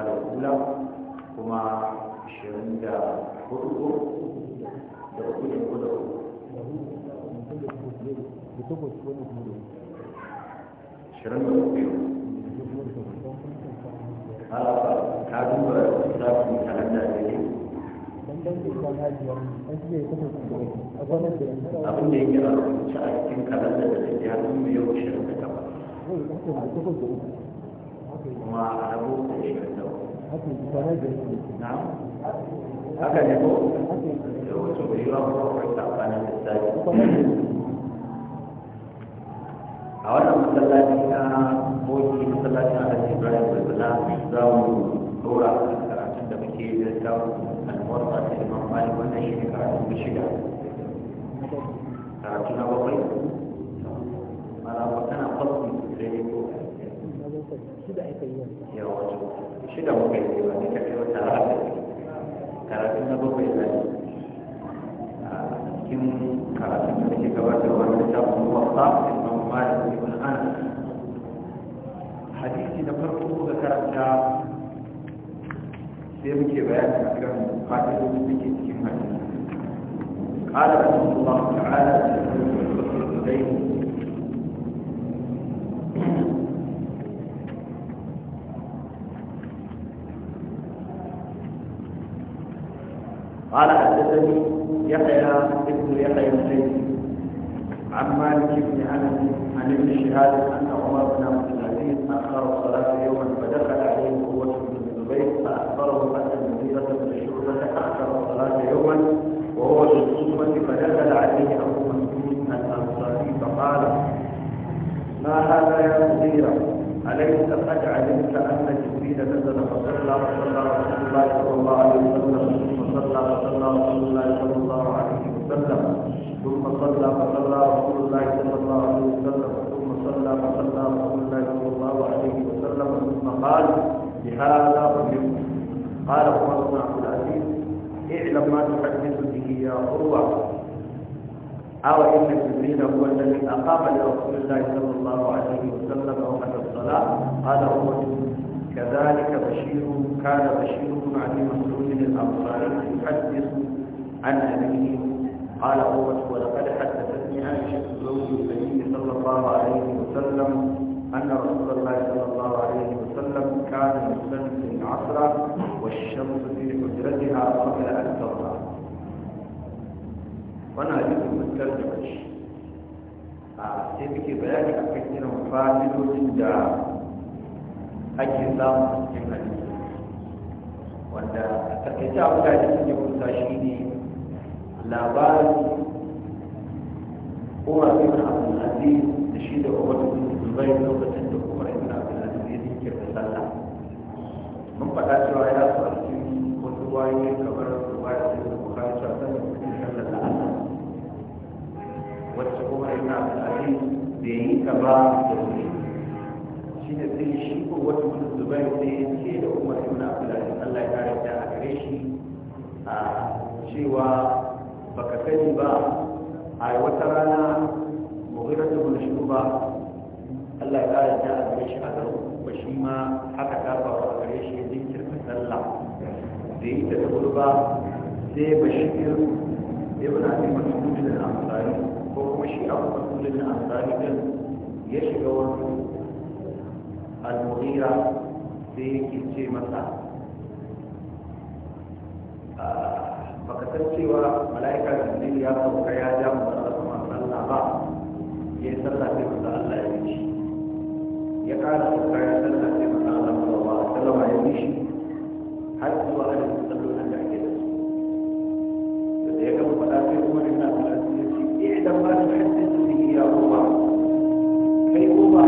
kama da kula kuma 24 da uku ne ko da uku shirin da uku ta ah, duba kalanda da yi. abin da yake a rubuce a cikin kalanda da ta yaro yau shirin da takwas kuma a rabu da shi da haka ne ko da wasu guri a wannan masallaci na boki masallacin alhaji ibrahim bulbula za mu dora karatun da muke yi da ta almuwarsa ta imam malik wannan shi ne karatun da shida karatu na bakwai ana fasu sai ne ko shida da aka yi yanzu yawa da muka yi wani kafin wata rana karatun na bakwai na a cikin karatun da nake gabatar wani da shafin wasa da imam malik ibn anas hadisi na farko da karanta sai muke bayani akan fa'idodin da ke cikin hadisi قال رحمه الله تعالى في الحديث حدثني يحيى بن يحيى الليثي عن مالك بن انس عن ابن شهاد ان عمر بن عبد العزيز اخر الصلاه يوما فدخل عليه قوه بن الزبير فاخبره ان المديره بن الشعبه اخر الصلاه يوما وهو في الصدفه فدخل عليه ابو مسعود الانصاري فقال ما هذا يا مديره أليس قد علمت أن جبريل نزل فصلى فصلى رسول الله صلى الله عليه وسلم صلى فصلى رسول الله صلى الله عليه وسلم ثم صلى فصلى رسول الله صلى الله عليه وسلم ثم صلى فصلى رسول الله صلى الله عليه وسلم ثم قال بهذا رجل قال عمر بن عبد العزيز اعلم ما تحدث به يا عروه أو إن جبريل هو الذي أقام لرسول الله صلى الله عليه وسلم وقت الصلاة قال هو كذلك بشير كان بشير عن ابي مسعود الانصاري يحدث عن ابيه قال قوته ولقد حدثتني عائشة زوج النبي صلى الله عليه وسلم أن رسول الله صلى الله عليه وسلم كان يصلي العصر والشمس في حجرتها قبل أن ترى وأنا أريد أن أترجمش. sai muke bayani a kan irin جدا. اجل لا samu wanda a takaice abu da jikin ya kusa shi ne labarin umar bin abdul da shi da umar bin zubair lokacin da umar bin abdul aziz yake da sallah mun faɗa cewa ya so a cikin wasu wayoyi kamar ruwaya da bukari cewa sallah mutum sallah da allah wacce umar bin abdul aziz yi ta ba da wuri shi ne sai shi ko wata mutum zubair ya ce da umar bin abdul a cewa baka sani ba a wata rana mughiratu shi ba Allah ya kare ta a shi a aka ba shi ma haka ta faru a gare shi ta sallah da yi ta gurba sai bashir ibn abi mas'ud da ansari ko kuma shi abu masu da ansari din ya shiga wani al-mughira sai yake ce masa baka san cewa mala'ika da jibril ya sauka ya ja mu da kuma sallah ba ya sallah sai mu Allah ya yi ya kara sauka ya sallah sai mu Allah sallallahu alaihi wasallam ya yi shi har zuwa da sallolin da ake da su da ya gama faɗa sai kuma ina faɗa sai ya ce eh dan ba da hadisi da ya ruwa kai ko ba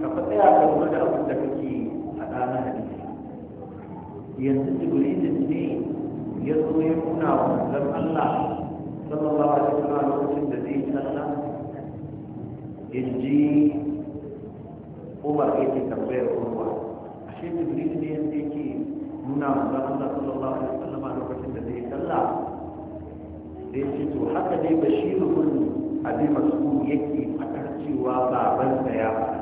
ka faɗa ka da abin da kake a na hadisi yanzu jibrilu ne ya zo ya kuna wa manzon Allah sallallahu alaihi wasallam lokacin da zai sallah inji Umar yake tambayar Umar ashe jibrilu ne yanzu yake nuna wa manzon Allah sallallahu alaihi wasallam lokacin da zai sallah zai ce to haka dai bashiru bin abi mas'ud yake fadar cewa babansa ya fara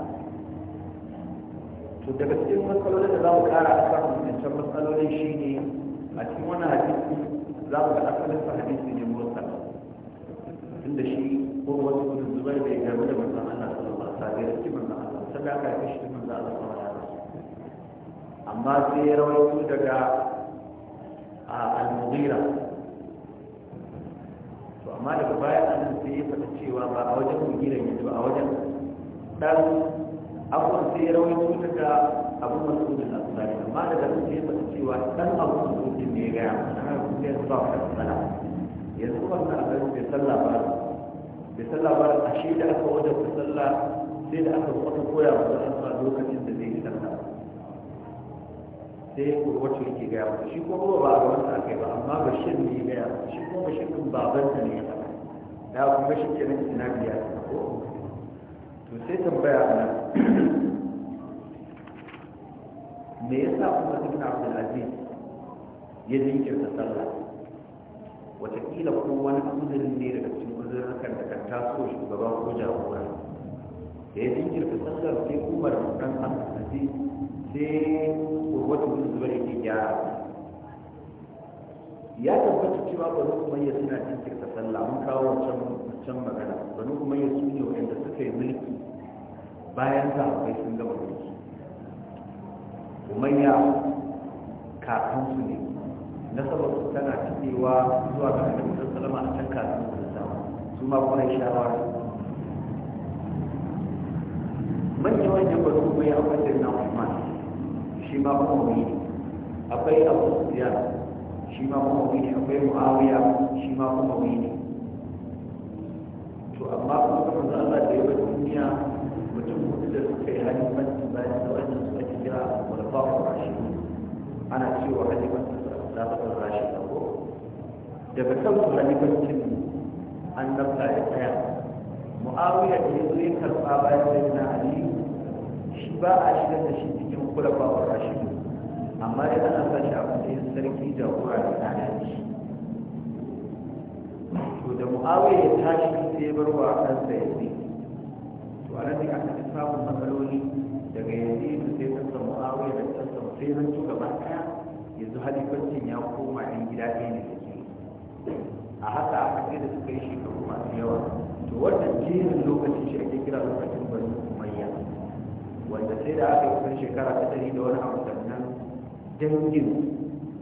to daga cikin matsalolin da za mu kara a kan wancan matsalolin shi ne a cikin wani hadisi za mu ga asalin sa hadisi ne motsa inda shi ko wasu gudun zubar bai gami da mutum Allah sallallahu alaihi wasallam sai da manzan Allah sadaka ya da manzan Allah sallallahu alaihi wasallam amma sai ya rawaito daga al-mughira to amma daga baya an sai ya faɗa cewa ba a wajen mughira ne ba a wajen dan abubuwan sai ya rawaito daga abin masudin asibari amma daga nan sai ya cewa dan abin masudin ne ya gaya masa haka kuma ya zuwa wata matsala yanzu wannan abin bai salla ba bai salla ba, a shi da aka wajen ku sallah sai da aka wata koya wa sallah lokacin da zai yi sallah sai ya kuma wacce yake gaya masa shi kuma ba a wanda aka kai ba amma shi ne ya gaya ba. shi kuma bashir ɗin babanta ne ya faɗa da kuma shi nan ina biya ko نسيت الرباعي ليس عمة بن عبد العزيز يزيك تصلى وتكيل قوة أذر الليل بس أذر كان تكتاسو شبابا خوجا أخرى يزيك تصلى في أمر مكان عبد العزيز سي قوة من زبري تجاه يا تبت تشوى قوة ما يسنى تنتك تصلى من كاوة bayan sahabbai sun gaba mulki umayya kakansu ne nasabarsu tana cikewa zuwa ga annabi salama a can kafin musulunta su ma kuma shawara manyan manyan ba su goyi akwai sirna usman shi ma kuma ne. akwai abu Sufyan shi ma kuma ne. akwai muawiya shi ma kuma ne. to amma kuma kamar za a da yawa duniya haliman bayan da wannan su ake kira walfawa rashi ana cewa haliman na fasar rashi da ko daga kansu halimancin annabta ya tsaya mu'awiya da ya zo karɓa bayan sai na ali shi ba a shigar da shi cikin kulafawa rashi amma ya ana sa shi a matsayin sarki da wurare da yanci to da mu'awiya ya tashi sai ya bar wa kansa ya faradi aka fi samun matsaloli daga yanzu sai sassa mu'awiyar da sassa sai zan ci gaba ɗaya yanzu halifancin ya koma ɗan gida ɗaya ne da a haka a sai da suka yi shekaru masu yawa to wannan jerin lokacin shi ake kira lokacin bani umayya wanda sai da aka yi kusan shekara ta ɗari da wani abu sannan dangin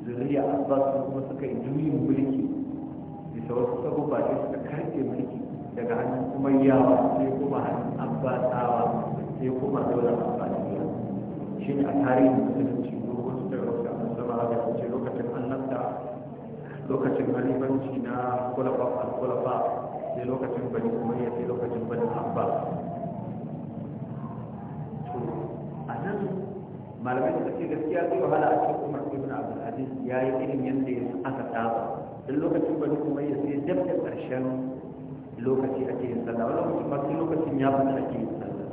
zuriya abbas kuma suka yi juyin mulki bisa wasu sabon ba suka karɓe mulki daga hannun yawa sai kuma hannun abbasawa sai kuma daular abbasiya shi ne a tarihin musulunci wasu daga a sama da ce lokacin annabta lokacin halifanci na kulafa al-kulafa sai lokacin bani umayya sai lokacin bani abba a nan malamai da suke gaskiya zai wahala a cikin umar ibn abdul aziz ya yi irin yadda ya aka saba duk lokacin bani umayya sai dabda karshen lokaci ake yin sallah wani lokacin ma sai lokacin ya fita ake yin sallah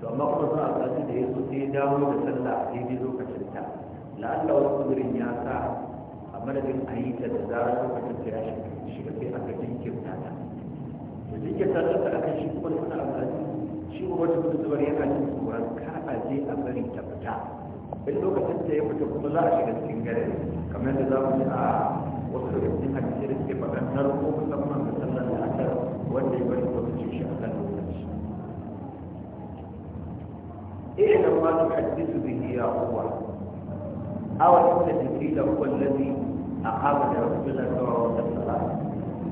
to amma kuma sun alƙalci da ya so sai ya dawo da sallah a daidai lokacin ta la'alla wani wurin ya sa a madadin a yi ta da zarar lokacin ta ya shiga sai aka jinkir ta ta da jinkir ta ta aka shi kuma da suna alƙalci shi kuma wata mutuwar yana jin tsoron kar a je a bari ta fita in lokacin ta ya fita kuma za a shiga cikin gare kamar yadda za mu ji a wasu daga cikin hadisi da suke faɗan tarko musamman da sallar da aka wanda ya bari wata ce shi a kan lokaci إيه لما تحدث به يا أخوة أو أنت جبريل هو الذي أقام لرسول الله صلى الله عليه وسلم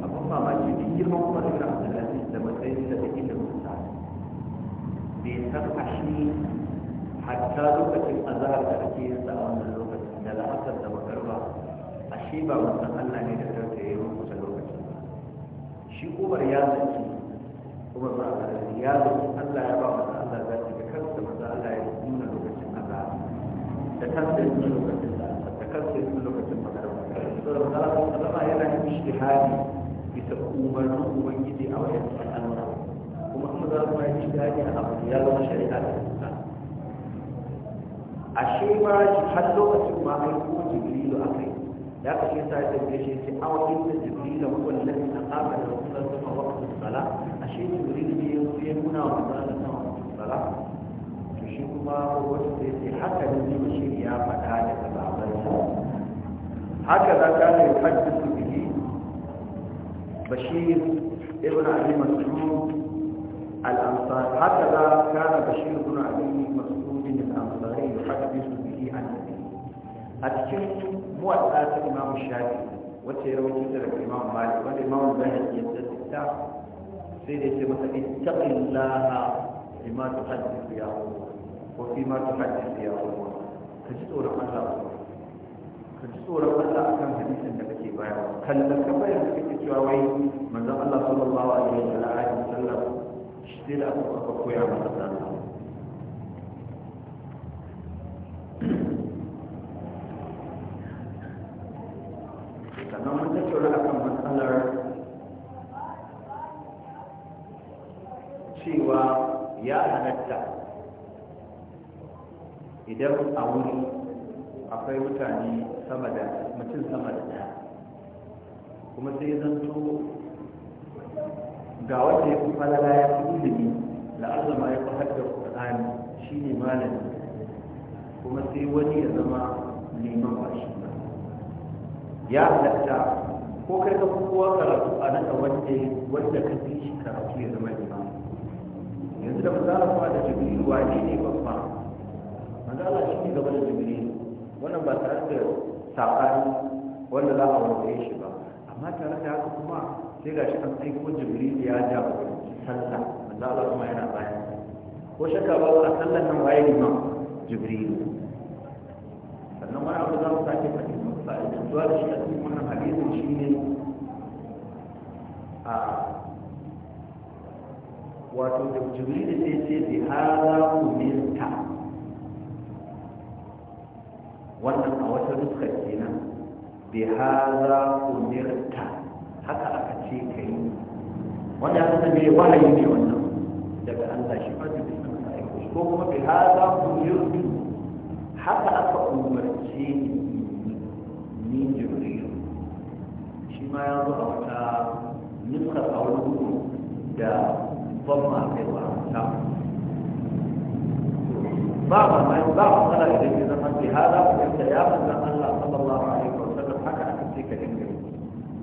أبو ما جبريل هو الذي عبد العزيز لما سيد سبيل المسعد بيسمع شيء حتى لغة الأزهر تأتيه سأونا لغة للأسر shi ba wannan Allah ne da tarta ya yi kusa lokacin ba. shi Umar ya zaki Umar ba Allah ya zaki Allah ya ba masa Allah zaki da kansa masa Allah ya nuna lokacin Allah da kansa ya nuna lokacin Allah da kansa ya nuna lokacin magarba saboda Allah sallama yana yin hali, bisa umarnin ubangiji a wajen Allah kuma kuma za mu yi ishtihadi a abu ya zama shari'a da Allah ashe ma har lokacin ma ai ko a kai. da aka shi sa da gashi ce awa inda jibril da kuwan lafi na kama da rasulun sama wakil sala a shi jibril ne ya zo ya nuna wa rasulun sama wakil sala to shi kuma wata da ce haka ne ne shi ya faɗa da sababansa haka za ka ne hajjisu bihi bashir ibn abi mas'ud al-ansari haka za kana bashir ibn abi mas'ud al-ansari yuhaddisu bihi an nabi a cikin muwaɗa ta imamu shafi wacce ya rawaito ta daga imamu malik wanda imamu bayhaqi ya tsaya sai da ya ce masa ittaqillaha bima tuhaddithu ya umar ko Allah ka ji tsoron akan hadisin da kake bayarwa kallon ka bayar da kake cewa wai manzon Allah sallallahu alaihi wa alihi wasallam shi da aka koya masa sallah sallar cewa ya halatta idan a wuri akwai mutane sama da mutum sama da ɗaya kuma sai zanto ga wanda ya fi falala ya fi ilimi la'azama ya fi haddar ƙur'ani shi ne malami kuma sai wani ya zama neman ba shi ya halatta ko kai ka fi kowa karatu a naka wanda wanda ka fi shi karatu ya zama imam yanzu da mazala kuma da jibiri wa ne babba mazala shi ne gaba da jibiri wannan ba tare da saɓani wanda za a wanda shi ba amma tare da haka kuma sai ga shi an aiko jibril ya ba sallah mazala kuma yana bayan ko shakka ba a sallan nan waye imam ma sannan wani abu za mu sake fa'idantuwa da shi a cikin wannan hadisin shi ne a wato da jibril sai ce bi hada umirta wannan a wata nuskar kenan bi hada umirta haka aka ce ka yi. wanda ya san me wahayi ne wannan daga Allah shi ba da ko kuma bi hada umirtu haka aka umarce ni من جبريل شما يضع وتا نسخة قوله دا ضمع في الوعد بعض ما بعض قال إذا زمن بهذا وإنت يا من الله صلى الله عليه وسلم حكى عن تلك الإنجيل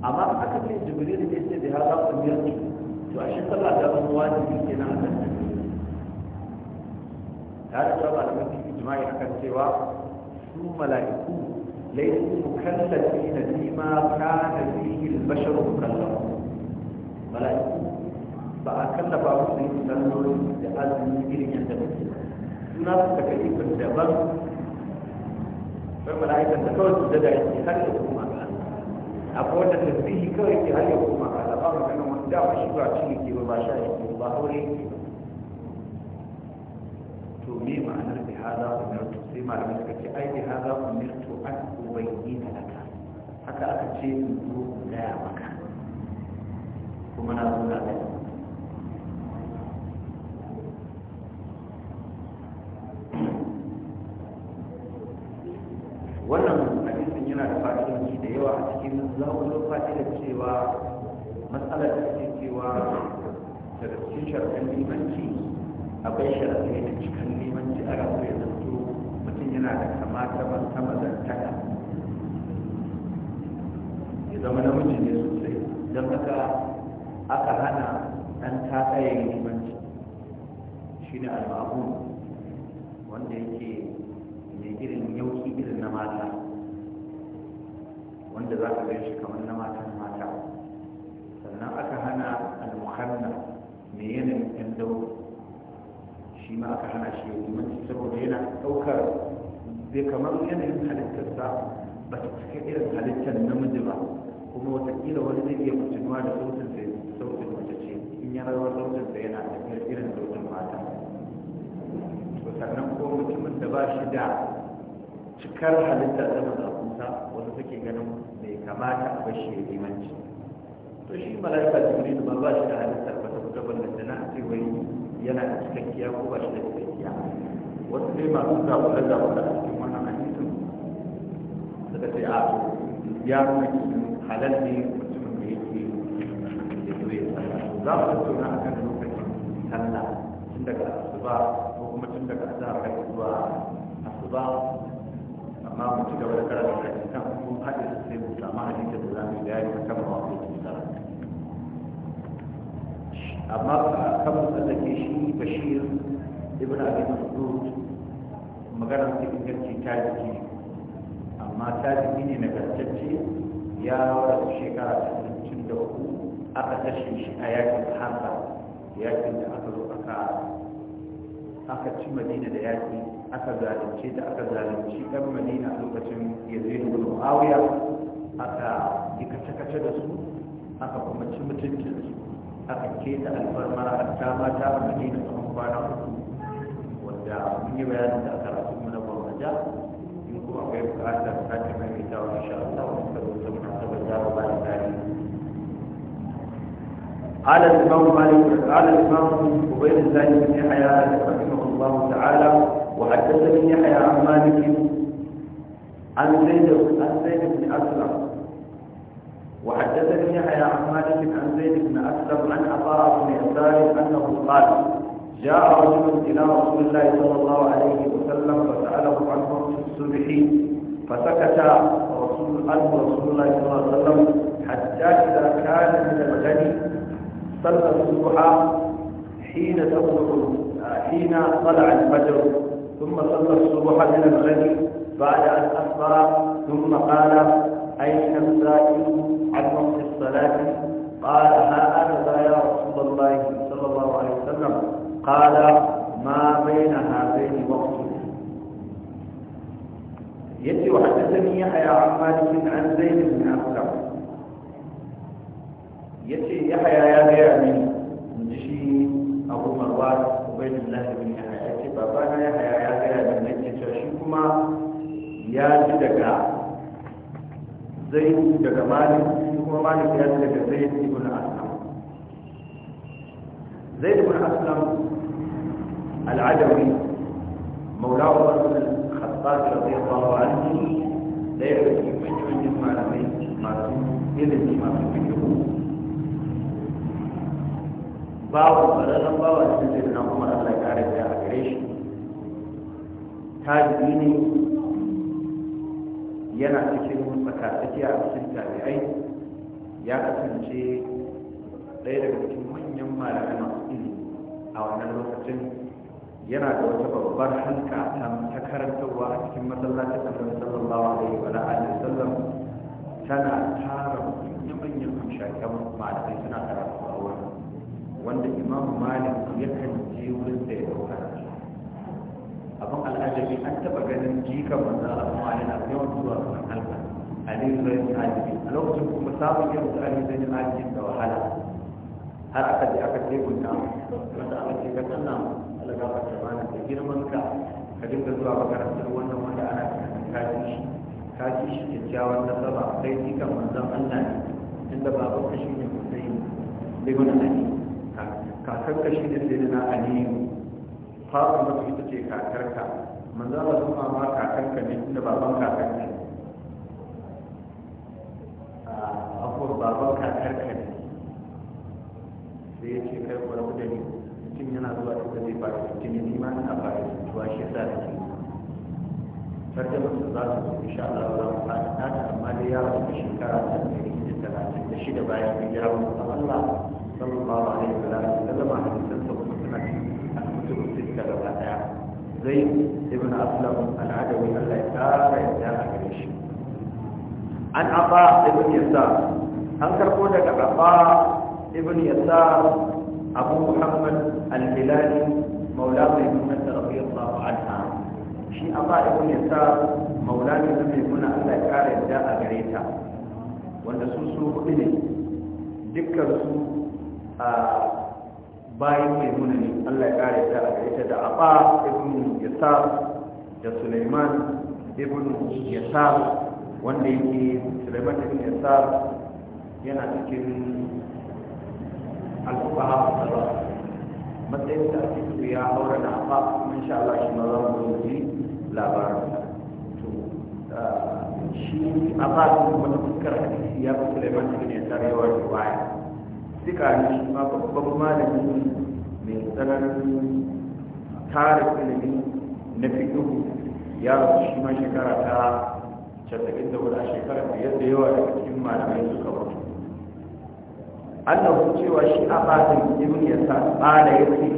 أما حكى جبريل ليس بهذا قميص وأشد الله دام واجب كنا أن هذا جواب على من إجماعي حكى سوى ثم لا يكون ليس مكلفين فيما كان فيه البشر مكلف بل فأكلف رسول الله صلى الله عليه وسلم لأجل من عند المسلم هناك تكليف الجبل فما لعيبا تكون تزدع الجهل يقوم أقول أن فيه كوي الجهل يقوم على الأرض أنه من دعوة شبع تشيكي وباشا يقوم بحوري تومي معنا بهذا ومرتبسي معنا بكتي أي بهذا ومرت an ubayyana laka haka aka ce in zo in gaya maka kuma na zo na gaya wannan hadisin yana da fa'idoji da yawa a cikin zaɓuɓɓen fa'idar cewa matsalar da take cewa daga cikin sharafin limanci akwai sharafin da cikin limanci ana so ya zanto mutum yana da kamata ban ta mazantaka ya zama na mutum ne sosai don haka aka hana ɗan tsaye limanci shi ne al'amun wanda yake mai irin yauki irin na mata wanda za ka shi kamar na matan mata sannan aka hana al-muhanna mai yanayin ɗan dauro shi ma aka hana shi limanci saboda yana ɗaukar bai kamar yanayin halittarsa ba ta cika irin halittar namiji ba kuma watakila wani zai iya mutunuwa da sautin sai sautin mace ce in ya rawar sautin sai yana tafiyar irin sautin mata to sannan ko mutumin da ba shi da cikar halittar da mazakunsa wasu suke ganin bai kamata a bashi ya limanci to shi mala'ika jibril ba ba shi da halittar ba ta kuka ballantana a ce wai yana da cikakkiya ko ba shi da cikakkiya wasu dai masu zaɓuɗa zaɓuɗa a cikin wannan hadisin suka ce a ya nuna halal ne mutumin da yake da zuwa ya sallah za mu tattauna a kan lokacin sallah tun daga asuba ko kuma tun daga azhar har zuwa asuba amma mu ci gaba da karanta hadisan mun haɗe su sai mu samu hadisin da za mu yi bayani akan mawaƙi amma kan tsallake shi bashir ibn abi mas'ud magana ta inganci ta jiki amma ta jiki ne na gartacce ya rasu shekara ta cikin da uku aka tashe shi a yakin hasa yakin da aka zo aka aka ci madina da yaki aka zalunce da aka zalunci ɗan madina a lokacin yazid ibn muawiya aka yi kace-kace da su aka kuma ci mutuncinsu aka keta alfarmar hatta mata a madina tsawon kwana wanda mun yi bayanin da aka rasu muna gwamnata in kuma akwai bukatar sake maimaita wa insha Allah wani karo ta muna saba jawo ba da tarihi قال الإمام مالك قال الإمام عبيد الله بن يحيى رحمه الله تعالى وحدثني يحيى عن مالك عن زيد عن زيد بن أسلم وحدثني يحيى عن مالك عن زيد بن اسلم عن عطاء بن يسار انه قال جاء رجل الى رسول الله صلى الله عليه وسلم فساله عن وقت الصبح فسكت رسول رسول الله صلى الله عليه وسلم حتى اذا كان من الغني صلى الصبح حين تطلع حين طلع الفجر ثم صلى الصبح من الغني بعد ان اصبح ثم قال اين السائل عن وقت الصلاة قال هذا يا رسول الله صلى الله عليه وسلم قال ما بين هذين وقت يأتي وحدثني يحيى عن مالك عن زيد بن أسلم يأتي يحيى يا بيعني نجشي أبو مروان عبيد الله بن يحيى يأتي بابانا يحيى يا بيعني نجي تشيكما يا جدك زيد دقمالك ومالك يدلك زيد بن أسلم زيد بن أسلم العدوي مولاه بن الخطاب رضي الله عنه لا يعرف من جهد المعلمين معلمين إذن ما في بيته باو فرغ باو سيد بن عمر الله يعرف يا عقريش تاج ديني ينا تكلم المكاسكي على سيد تابعين ya kasance ɗaya daga cikin manyan malamai masu ilimi a wannan lokacin yana da wata babbar hanka ta karantarwa a cikin masallacin annabi sallallahu alaihi wa alihi sallam tana tara manyan hamshakan malamai suna karatu a wurin wanda imam malik yakan je wurin da ya dauka abin al'ajabi an taba ganin jikan manzo Allah yana yawan zuwa kan halka ali zain alibi a lokacin kuma samun yin ali zain alibi da wahala har aka je aka ce gunta wanda aka ce kan Allah alaga ba ta bana da girman ka ka dinga zuwa makarantar wannan wanda ana tunanin ka shi ka shi kyakkyawar nasaba kai ji kan manzon Allah ne inda baban ka shine Hussein ibn Ali kakar ka shine sayyidina Ali fara da ita ce kakar ka manzon Allah kuma ma kakar ka ne inda baban kakar ne akwai baban kakar ka ne sai ya ce kai kwarar da ni mutum yana zuwa da zai da cikin ni ma ina fara cutuwa shi da ke da mutum za su zo insha Allah za mu fara ta amma dai ya shekara ta ɗari da talatin da shida bayan da ya rufe Allah sallallahu alaihi wa sallam da zama hadisan sa kuma suna cikin alkutubun sitta gaba ɗaya zai ibn aslam al'adawi Allah ya tsara ya tsara an aba ibn yasar an karbo daga aba ibn yasar abu muhammad al-hilali maula mai muhammad radiyallahu anha shi aba ibn yasar maula ne da mai muna Allah ya kare da a gare ta wanda su su hudu ne dukkan su a bayan mai muna ne Allah ya kare da a gare ta da aba ibn yasar da Sulaiman ibn yasar wanda yake Sulaiman ya sa yana cikin al hafa al matsayin da ake so ya aure na in sha Allah shi ma za mu ji labarin to shi a ba su wata fuskar hadisi ya fi Sulaiman ya sa yawa riwaya duka ne shi ma babban malami mai tsananin tarin ilimi na fiƙihu ya rasu shi ma shekara ta casa'in da wani a shekarar da yadda yawa daga cikin malamai suka mutu annahu cewa shi a batin ibn yasa bala yake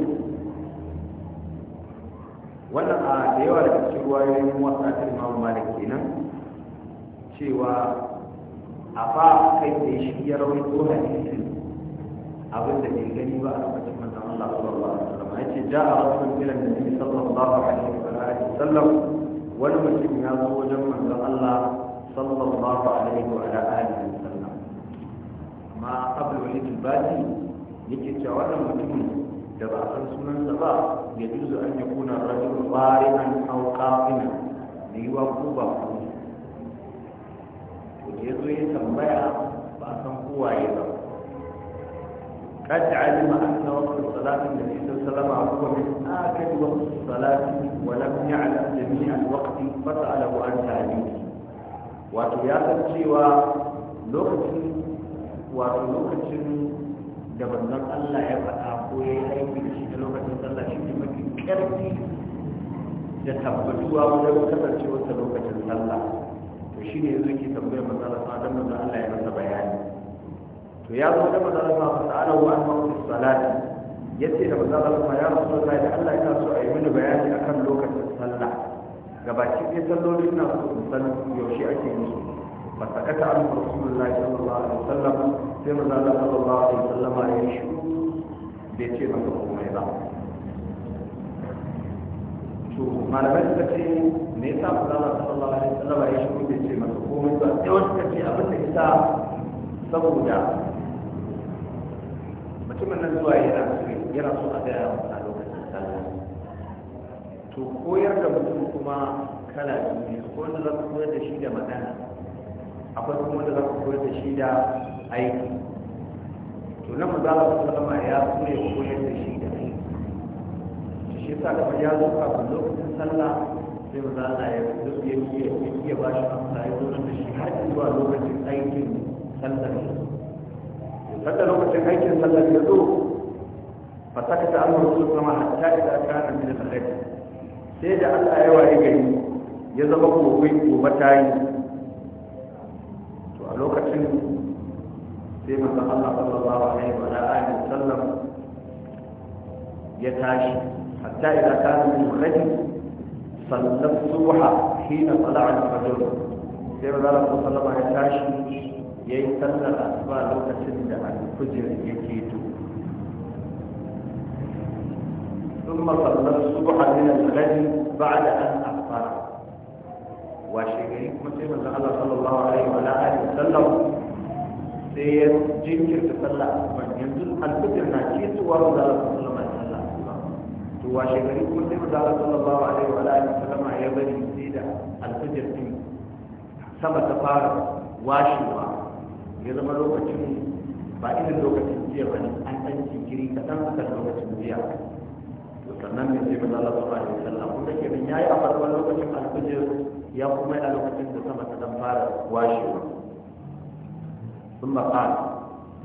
wannan a da yawa daga cikin wayoyin wasa ta imam malik kenan cewa a ba kai da shi ya rawaito hadisin abin da bai gani ba a lokacin manzon Allah sallallahu alaihi wasallam yace ja'a rasulun ila nabi sallallahu alaihi wa alihi wasallam wani mutum ya zo wajen manzon Allah sallallahu alaihi wa alihi wa sallam amma abul walid al-bati yake cewa wannan mutumin da ba a san sunansa ba ya juzu an yakuna rajul bari'an aw qafina da yiwa ko ba ko to ya zo ya tambaya ba san kowa ya ba قد علم أن وقت الصلاة النبي صلى الله عليه وسلم من آخر وقت الصلاة ولم يعلم جميع الوقت فسأله عن تعليمه وقياسا سوى لغة ولغة da banzan Allah ya faɗa ko ya yi aiki da shi lokacin sallah shi ne mafi ƙarfi da tabbatuwa wajen kasance wata lokacin sallah to shi ne ke tambayar matsala sa don Allah ya masa bayani to ya zo da manzon Allah fa ta'ala wa an waqti salati yace da manzon Allah ya rasulullahi da Allah ya so a yi mini bayani akan lokacin sallah gabaci ɗaya sallolin na so sallu san yaushe ake musu fasakata an rasulullahi sallallahu alaihi wasallam sai manzon Allah sallallahu alaihi wasallam ya shi bai ce masa komai ba to malamai suka ce me yasa manzon sallallahu alaihi wasallam ya shi bai ce masa komai ba sai wata ce abin da ita saboda mutumin nan zuwa yana yana so a gaya wa a lokacin sallah to koyar da mutum kuma kala biyu ko wanda za ku koyar da shi da magana akwai kuma wanda za ku koyar da shi da aiki to na maza a sallama ya so ya koyar da shi da aiki shi yasa kamar ya zo kafin lokacin sallah sai maza Allah ya ya ya ba shi amsa ya zo da shi har zuwa lokacin aikin sallar tattara lokacin aikin sallar ya zo ba ta kata an rusu sama hatta ita ta kana da sallar sai da allah ya waye zama gobe gobe ta yi to a lokacin sai masu allah kuma ba wa ne wa na'ani sallar ya tashi hatta ita ta kana da sallar sallar suwa hina tsala a cikin sai ba za a kusa ya tashi ya yi sallar asuba lokacin da alfujir ya keto ثم صلى الصبح من الغد an afara wa shigari kuma sai الله Allah sallallahu alaihi wa آله sallam sai ya jinkirta sallah asuban yanzu alfitir na ce wa ba za a sallama sallah asuban to washe gari kuma sai ba Allah sallallahu alaihi wa alihi sallama ya bari sai da alfitir din sama ta fara washewa ya zama lokacin ba irin lokacin jiya ba ne an ɗan jinkiri kaɗan ka kan lokacin jiya to sannan mai sai maza lafa ba da sallah kuma ke nan ya yi a farkon lokacin alfijir ya kuma yi a lokacin da sama ta ɗan fara washewa sun ba ƙara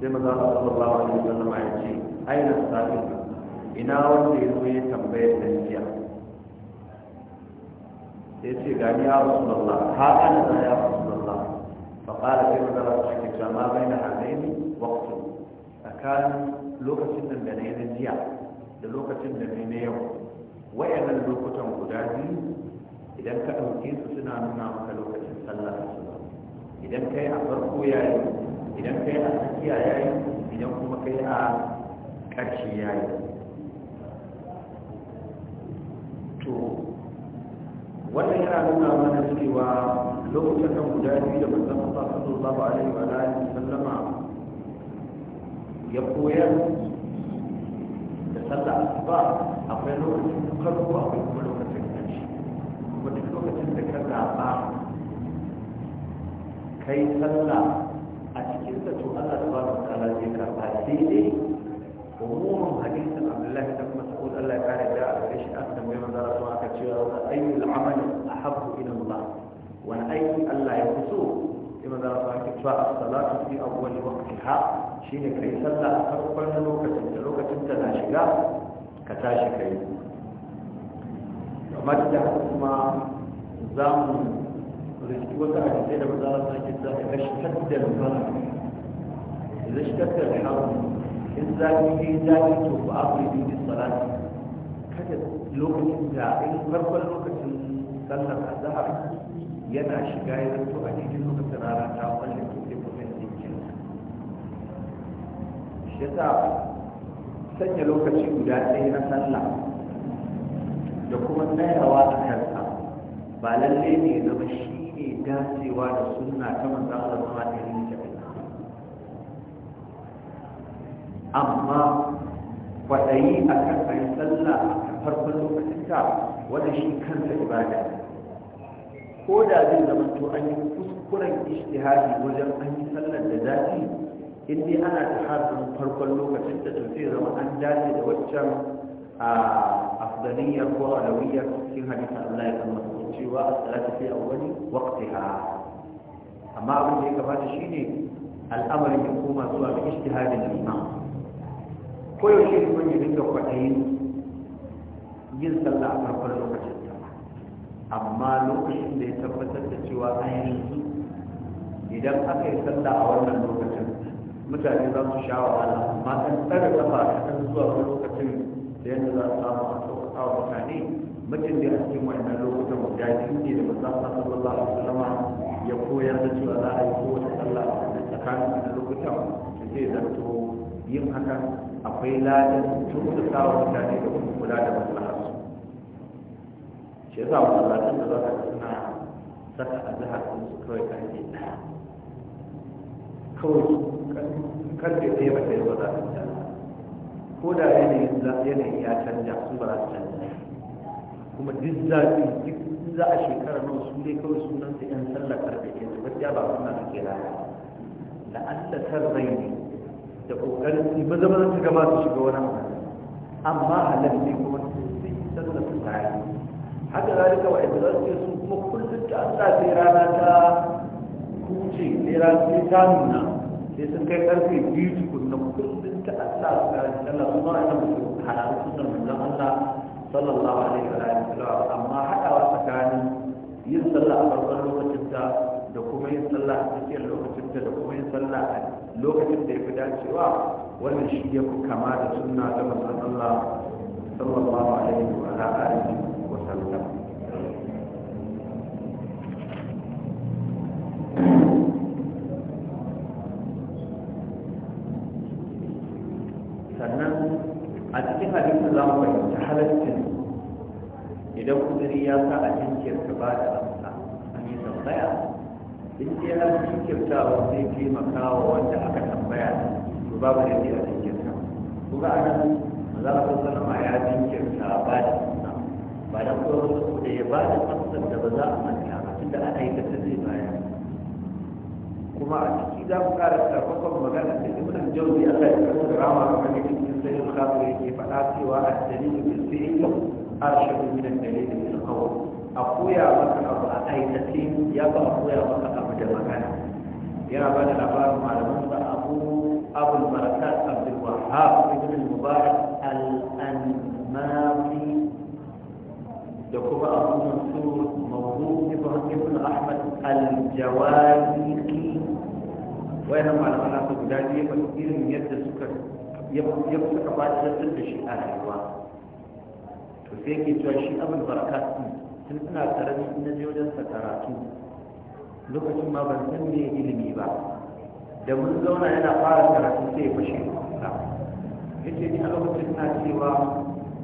sai maza lafa sallallahu alaihi wasallam ya ce aina sa'in ina wanda ya zo ya tambaye da jiya sai ce gani ya rasu lalla ha ana ya rasu قال sai manzo Allah ya ce ma baina hadaini waqtu akan lokacin nan da من na jiya da lokacin da na wayannan lokutan guda biyu idan ka ɗauke su suna nuna maka lokacin sallah asuba idan kai a farko yi idan kai a tsakiya yi idan kuma kai a ƙarshe yayi to wannan yana nuna mana cewa lokacin nan guda biyu da manzon Allah sallallahu alaihi wa alihi sallama ya koyar da sallah asuba akwai lokacin farko akwai kuma lokacin ƙarshe kuma duk lokacin da ka zaɓa kai sallah a cikin da to Allah subhanahu wa ta'ala zai karɓa sai dai umurin hadisin abdullahi da mas'ud Allah ya kare da a shi aka tambaye manzo Allah aka ce ayyul amali ahabbu ila Allah wani aiki Allah ya fi so ima za su ake cewa a salatu fi abuwan wakati ha shi ne ka yi sallah a farkon lokacin da lokacin ta na shiga ka tashi ka yi kamar da kuma za mu riski wata hadisai da ba za su ake cewa ya rashtar da rubar ya rashtar da rubar in zafi ya yi zafi to ba a kuri bin salati kada lokacin da in farkon lokacin sallar azhar yana shiga ya zanto a cikin lokacin rana ta wanda ke sai kuma yankin shi yasa sanya lokaci guda ɗaya na sallah da kuma tsayawa a kansa ba lalle ne zama shi ne dacewa da suna ta manzo Allah sallallahu alaihi amma kwaɗayi a kan a yi sallah a farkon lokacin ta wannan shi kansa ibada ko da zai zama to an yi kuskuren ishtihadi wajen an yi sallar da zafi in ana ta harin farkon lokacin da to zai zama an dace da waccan a afdaniya ko alawiyya cikin hadisa Allah ya kama cewa as a wani awwali ha amma abin da ya kamata shine al'amarin ya koma zuwa ga ishtihadin imam koyaushe kuma yi dinga kwaɗayin yin sallah a farkon lokacin ta amma lokacin da ya tabbatar da cewa a yanzu idan aka yi sallah a wannan lokacin mutane za su sha wahala amma kan tsare kafa a kan zuwa wani lokacin da yadda za su samu a sauƙaƙa wa mutane mutum da a cikin wannan lokutan guda biyu ne da mazafa sallallahu alaihi wasallam ya koyar da cewa za a yi kowace sallah a tsakanin wannan lokutan da zai zanto yin hakan akwai ladan turkuta wa mutane da kuma kula da su. shi yasa masallacin da za ka suna saka a jihar su kawai ke ɗaya kawai karfe ɗaya ta yi ba za ta canza ko da yanayin ya canja su ba za su canja kuma duk zafi duk za a shekara nawa su dai kawai sunan su yan sallar karfe ɗaya ba ba suna da ke rana la'alla tar ne da kokarin su ba zama su gaba su shiga wani amma halar ne kuma yi sannan su tare haka za zalika wa inda za su ce su kuma kullum da Allah sai rana ta kuce sai rana sai ta nuna sai sun kai karfe biyu tukunna kullum ta Allah su kare Allah su ma ana musu halar sunan manzon Allah sallallahu alaihi wa sallam amma haɗawa tsakanin yin sallah a farkon lokacin da da kuma yin sallah a cikin lokacin da da kuma yin sallah a lokacin da ya fi dacewa wannan shi ya fi kama da sunna ta manzon Allah sallallahu alaihi wa alihi wa sallam sannan a cikin hadisin za mu fahimci halaccin idan kudiri ya sa a jinkirta ba da amsa an yi tambaya in dai har jinkirtawa zai taimaka wa wanda aka tambaya to babu da a jinkirta ko ga anan maza a sallama ya jinkirta ba da sunna ba da ko da ya ba da amsar da ba za a manta ba tunda ana yi ta zai baya kuma a ciki za mu ƙara karfafan magana da ibn al-jawzi Allah ya karɓi rama kamar yadda cikin sayyid khatir yake faɗa cewa ad-dalil bil fi'l arshadu min ad-dalil bil qawl a koya maka abu a aikace ya ba a koya maka abu da magana yana ba da labarin malaman sa abu abul barakat abdul wahab ibn mubarak al-anmari da kuma abu mansur mawdu ibn ahmad al-jawazi wayannan malaman nasu guda biyu ba irin yadda suka ya suka ba da shi a rayuwa to sai ke cewa shi abin barkat ne in suna karami na je wajen sa karatu lokacin ma ban san me ilimi ba da mun zauna yana fara karatu sai ya fashe Ya yace ni a lokacin na cewa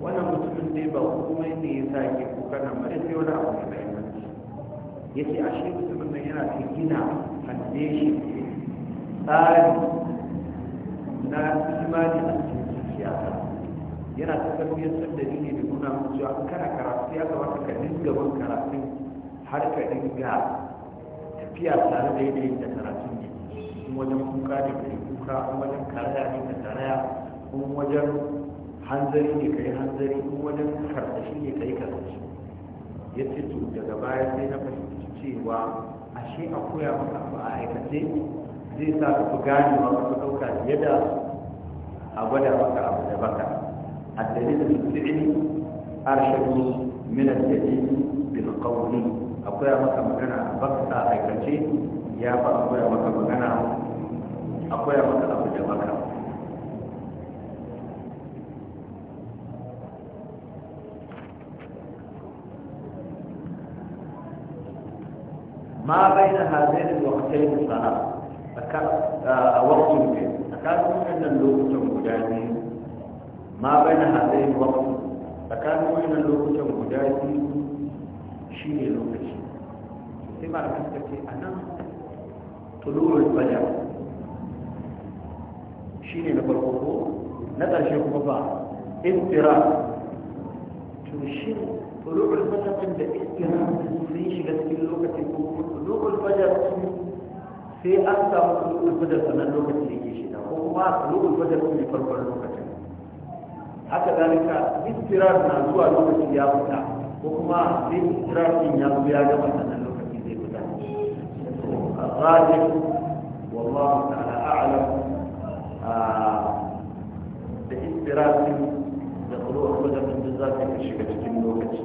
wannan mutumin dai ba komai ne ya sa ke kuka nan ba sai wani abu mai mahimmanci yace a shi mutumin nan yana ta gina shi. tsari na imani a cikin siyasa yana ta tafiyar da ni ne da nuna mun cewa kana karatu ya kamata ka dinga bin karatun har ka dinga tafiya tare da yadda da karatun ne wajen kuka ne ka yi kuka wajen karaya ne ka karaya wajen hanzari ne ka yi hanzari wajen karsashi ne ka yi karsashi ya ce to daga baya sai na fahimci cewa ashe a koya maka abu a aikace zai sa ka fi ganewa ka ɗauka fiye da a gwada maka abu da baka a dalilin su fi'ili arshadu min al-yadi bil qawli akwai maka magana bakta aikace ya ba akwai maka magana akwai maka abu da maka ما بين هذين الوقتين الصلاة وقت كان من اللوكتون ما بين هذين الوقت tsakanin wannan lokutan guda biyu shi ne lokaci sai ba a ce a nan tulurin bayan shi ne na farko ko na ƙarshe kuma ba istira to shi tulurin bayan da istira sun shiga cikin lokacin ko kuma tulurin bayan sai an samu tulurin bayan sannan lokacin da ke shida ko kuma tulurin bayan ne farkon lokaci haka dalika istirar na zuwa lokaci ya fita ko kuma sai istirar din ya zuwa ya gama sannan lokaci zai fita to azali wallahu ta'ala a'lam da istirar din da tsoro ko da mun za ta shiga cikin lokaci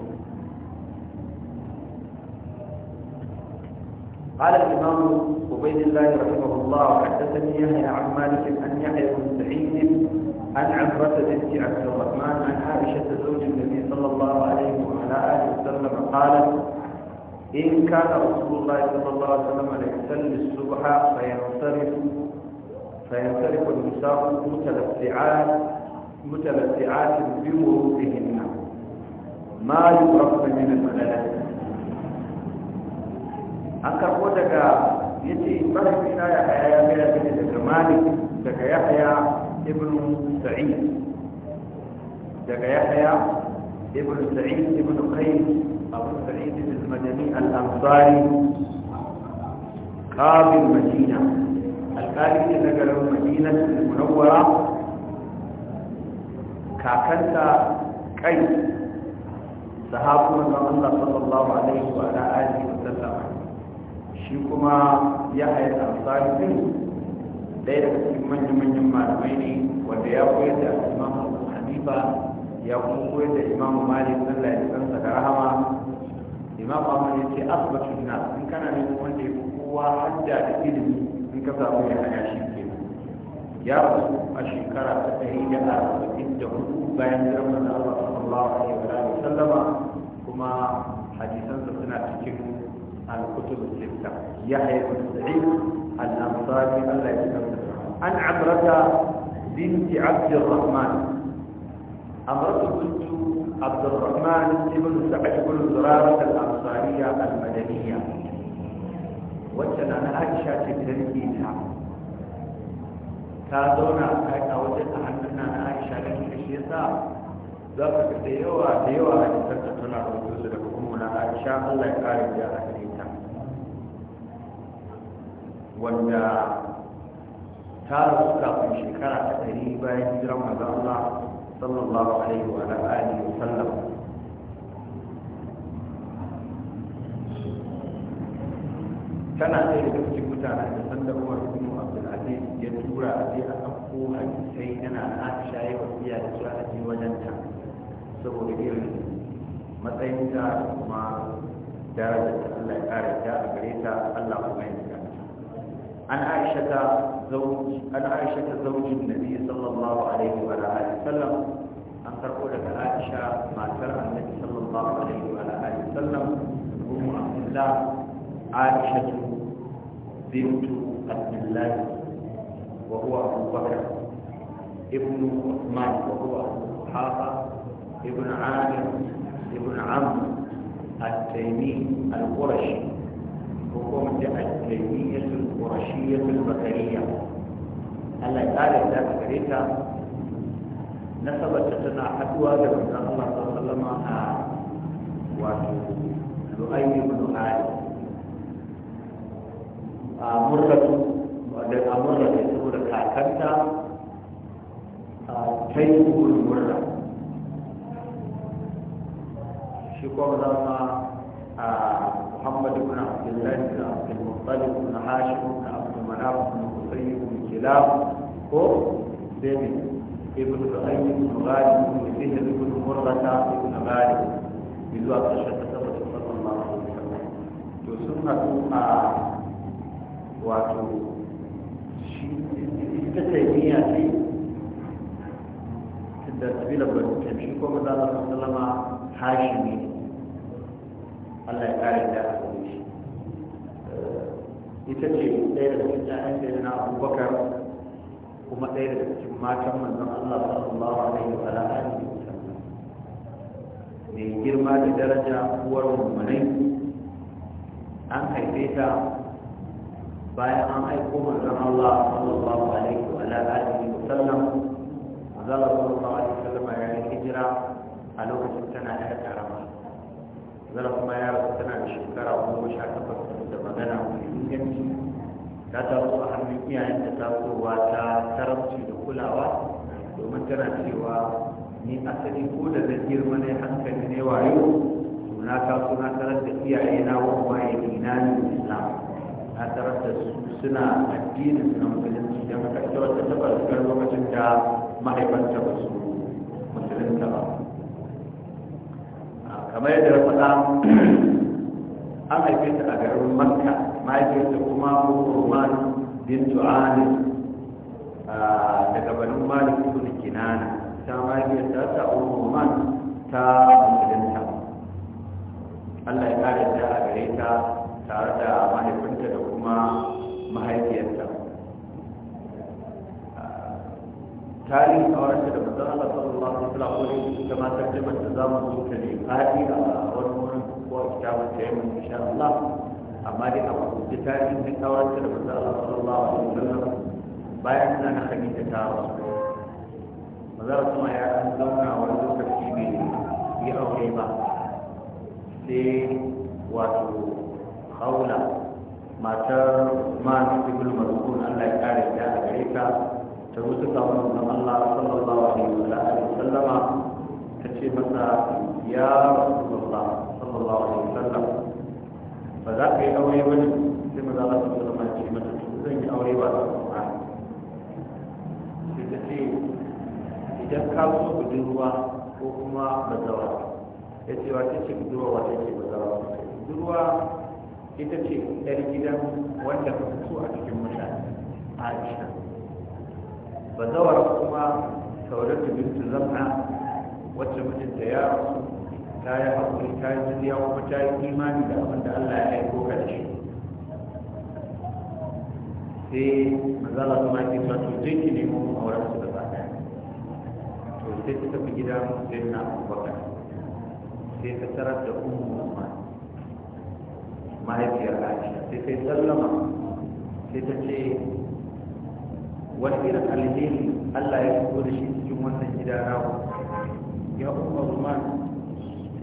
قال الإمام عبيد الله رحمه الله حدثني يحيى عن مالك أن يحيى بن سعيد عن عمرة بنت عبد الرحمن عن عائشة زوج النبي صلى الله عليه وعلى آله وسلم قالت إن كان رسول الله صلى الله عليه وسلم ليصلي الصبح فينصرف فينصرف النساء متلفعات متلفعات بورودهن ما يعرفن من الملائكة an karɓo daga ya ce mahaifina ya haya ya gaya mini daga malik daga ya haya ibn sa'id daga yahya ibn sa'id ibn qays abu sa'id ibn madani al-ansari qabil madina alqali ne daga madina al-munawwara kakanta kai sahabu manzon Allah sallallahu alaihi wa alihi wa sallam shi kuma ya hayar ansari ɗaya daga cikin manya-manyan malamai ne wanda ya koyar da imam hanifa ya kuma koyar da imam malik allah ya san Saka rahama imam ahmad ya ce asibatun na in kana neman wanda ya kowa hajja da ilimi in ka samu ya haya shi ke ya rasu a shekara ta ɗari da arba'in da hudu bayan jiran manzo sallallahu alaihi wa sallama kuma hadisansa suna cikin al-kutub sitta ya haifu sa'id الأنصاري الله يتكلم عن عبرة بنت عبد الرحمن عبرة بنت عبد الرحمن بن سعد بن زرارة الأنصارية المدنية وكان عائشة تدركيها ta zauna ta kawace a hannun na aisha da ke kashe sa za ka ga da yawa da yawa a daga kuma na aisha allah ya wanda ta rasu kafin shekara ta ɗari bayan hijiran manzon Allah sallallahu alaihi wa alihi wa sallam tana ɗaya daga cikin mutane da sallar Umar ibn Abdul Aziz ya tura a je a ɗauko hadisai yana Aisha ya wasiya da su a je wajen ta saboda irin matsayin matsayinta kuma darajar ta Allah ya kare ta a gare ta Allah kuma ya عن عائشة زوج عن عائشة زوج النبي صلى الله عليه وعلى آله وسلم أن تقول لك عائشة ما ترى النبي صلى الله عليه وعلى آله وسلم أم عبد الله عائشة بنت عبد الله وهو أبو بكر ابن عثمان وهو أبو ابن عامر ابن عمرو التيمي القرشي وقوم التيمية القرشية البكرية ألا يقال إذا كريتا نسبت لنا حدوى لمن الله صلى الله عليه وسلم ولؤي بن عالي مرة مرة تقول كاكنتا تيمو المرة شكرا لما محمد بن عبد الله بن عبد المطلب بن هاشم بن عبد مناف بن قصي بن كلاب هو زيد ابن سعيد بن غالب بن فهر بن مرة بن غالب بالله الله صلى الله عليه وسلم وسنة wato ita taimiyya ce بن kabilar فوق الله صلى الله عليه وسلم هاشمي Allah ya kare da a gare shi eh, ita ce ɗaya daga cikin ƴaƴan da na Abubakar kuma ɗaya daga cikin matan manzon Allah sallallahu alaihi wa alihi wasallam mai girma da daraja uwar mummunai an haife ta bayan an aiko manzon Allah sallallahu alaihi wa alihi wasallam manzon Allah sallallahu alaihi wa sallam ya hijira a lokacin tana da karama zara kuma ya rasu tana da shekara goma sha takwas da magana mai inganci ta taru a hannun iyayen da tasowa ta taramci da kulawa domin tana cewa ni asali ko da na girma ne hankali ne wayo to na taso na tarar da iyaye na wawaye ni na ni islam na tarar da su suna addinin suna musulunci da muka ita wata tabbatar lokacin da mahaifanta ba su musulunta ba kamar yadda sallam an haife ta a garin makka mahaifiyarta kuma muhammad bin tu'ani daga banin malik ibn kinana ta mahaifiyarta ta muhammad ta musulunta Allah ya kare ta a gare ta tare da mahaifinta da kuma mahaifiyarta tarihin aurenta da manzon Allah sallallahu alaihi wasallam ko ne ta ma tarjumar da zamu zo ta ne fadi a ko ta da yamma sha Allah amma dai a yi ta duk tsawon da manzo Allah sallallahu alaihi wasallam bayan suna na Khadija ta za manzo kuma ya an zauna wani lokaci ne yi aure ba sai wato haula matar Usman ibn Mas'ud Allah ya kare ta a gare ta ta rusu na Allah sallallahu alaihi wa sallama ta ce masa ya rasu Allah sallallahu ba za ka yi aure ba ne sai maza Allah sallallahu alaihi wasallam ce mata zan yi aure ba za ku ba sai ta idan ka so budurwa ko kuma bazawa ya ce wata ce budurwa wata ce bazawa budurwa ita ce yar gidan wanda a cikin mutane Aisha bazawar kuma sauratu bintu zamna wacce mijinta ya ta yi haƙuri ta yi juriya kuma ta yi imani da abin da Allah ya aiko ka da shi sai mazala kuma ke sa to zai ki nemo mu auren su gaba ɗaya to sai ta tafi gida sai na abubakar sai ta tarar da ummu umma mahaifiyar aisha sai ta sallama sai ta ce wani irin alheri Allah ya fito da shi cikin wannan gida na ya umma usman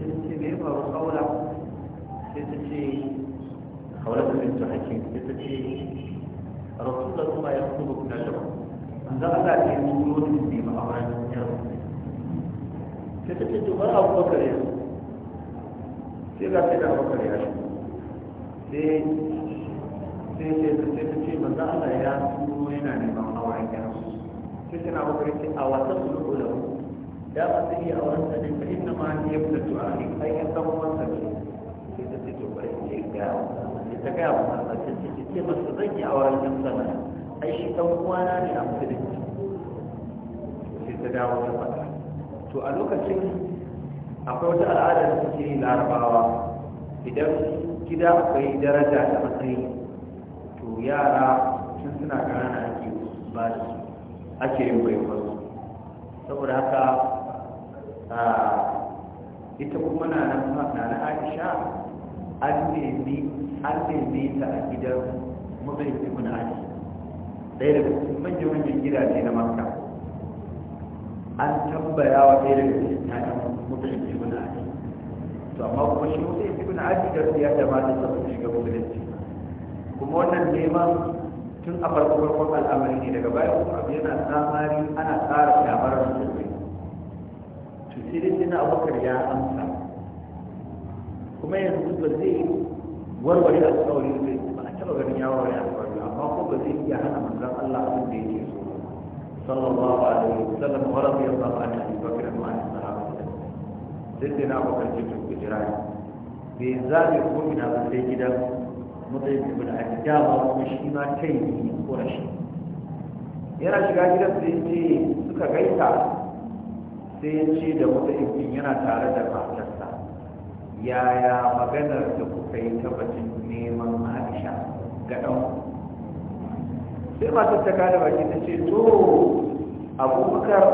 sai ta ce me faru kaula sai ta ce kaula ta bintu hakim sai ta ce rasulullah ma ya kudu kuna lawa manzo Allah ke turo ni ne ma yaro sai ta ce to bar Abu Bakar ya sai ga sai da Abu Bakar ya sai sai ta ta ce ya yana neman yaro sai tana Abu Bakar a da ba su iya auren sa ne ba inna ma ya fi da tuwa ne ai ya samu wasa ne sai ta ce to bari ce ga ya ta gaya wa masa ta ce ce ce masu zan yi auren ɗan sana ai shi ɗan uwana ne a musulunci sai ta dawo ta faɗa to a lokacin akwai wata al'ada da suke yi larabawa idan gida akwai daraja da matsayi to yara sun suna ƙanana ake ba su ake yin baiwa saboda haka ita kuma na na aisha an nemi an nemi ta a gidan mutane ibn ali ɗaya daga cikin manyan manyan gidaje na makka an tambaya wa ɗaya daga cikin ta'an mutane ibn ali to amma kuma shi mutane ibn ali da ya da ma da su shiga musulunci kuma wannan neman tun a farko farkon al'amari ne daga baya kuma yana tsamari ana tsara shabarar mutum sirrin dai ya amsa kuma yanzu ba zai warware alkawari zai ba a taɓa ganin yawon ya warware amma ko ba zai iya hana manzan Allah abin da yake so sallallahu alaihi wa sallam wa radiyallahu anhu a Bakr wa an sahaba sai dai na abubakar ce ku jira bai zabe ko ina ba sai gidan mutai a Abi Dawud kuma shi ma tayi ko rashi yana shiga gidan sai ce suka gaita sai ya ce da wata ibin yana tare da matarsa yaya maganar da kuka yi tabbacin neman aisha ga ɗan sai matar ta kada baki ta ce to abubakar